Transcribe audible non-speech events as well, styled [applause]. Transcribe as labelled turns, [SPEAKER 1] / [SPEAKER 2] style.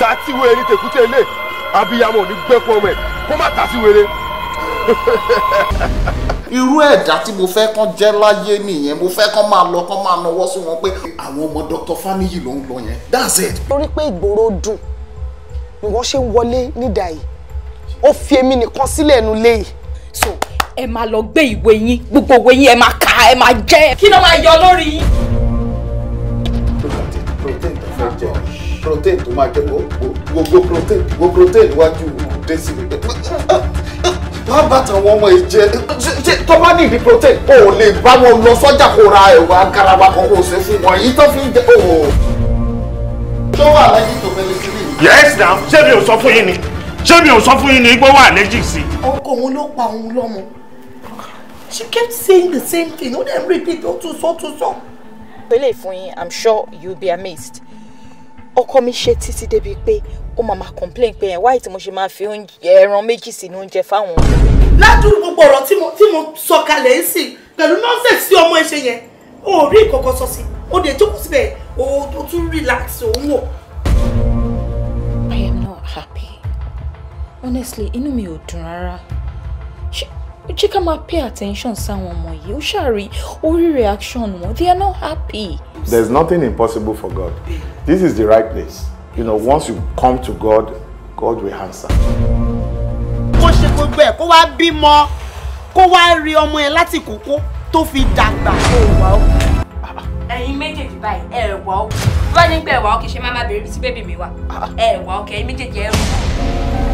[SPEAKER 1] ta tí wèrè abiyamọ ò ní gbẹ́kọ̀ kó má ta [laughs] irú ẹ̀dá tí mo fẹ́ kán jẹ́ láyé nìyẹn mo fẹ́ kán máa lọ kán máa nawọ́ sí wọn pé àwọn ọmọ Dr. Faniyi ló ń lọ yẹn that's it. torí pé ìgboro dùn ni wọ́n ṣe ń wọlé nídà yìí ó fi èmi nìkan sílẹ̀ ẹnu léyìí. so ẹ máa lọ gbé ìwé yín gbogbo ìwé yín ẹ máa kà ẹ máa jẹ kí ló máa yọ lórí yín. protein tó máa jẹ gbogbo protein gbogbo protein wájú desi rẹ má bá tàwọn ọmọ yìí jẹ ṣe tó bá ní ìdí protein o ò lè bá wọn lọ sọ́jà kó ra ẹ̀wà garaba kan kó fún wọn èyí tó fi ń jẹ ṣé wà lẹ́yìn tó fẹ́ lè sí mi. yes na ṣé mi ò sọ fún yín ni ṣé mi ò sọ fún yín ni igbó wà lẹ́jì sí. ọkọ òun ló pa òun lọ́mọ she kept saying the same thing ó dẹ̀ repeat ó tún so, ó so. sọ. pẹ̀lẹ́ fún yín i'm sure you'll be amazed ọkọ mi ṣe títí débi pé ó máa máa complain pé ẹ̀ wáyé mo ṣe máa fi ẹran méjì sínú oúnjẹ fáwọn. ládùúgbò gbogbo ọ̀rọ̀ tí mo sọ kalẹ̀ ń sìn pẹ̀lú nọ́ọ̀sẹ̀ sí ọmọ ẹ yẹn o rí ìkọ̀kọ̀ sọ sí o dẹ̀ jókòó síbẹ̀ o tún relax òun wò. I am not happy honestly inú mi ò dùn rárá ṣé ká máa pay attention sáwọn ọmọ yìí ó ṣàrí orí reaction wọn they are not happy. there is nothing impossible for God. Yeah this is the right place. You know, once you come to God, God will answer. Kó ṣe gbogbo ẹ̀ kó wá bímọ, kó wá rí ọmọ ẹ̀ láti kókó tó fi dàgbà. Ó wà ó. Ẹ̀yin méjèèjì báyìí, ẹ wà ó. Bá nígbà ẹ̀wà ó kì í ṣe máa máa bèrè sí mi wá. Ah. Ẹ wà ó kẹ́ ẹ̀yin méjèèjì ẹ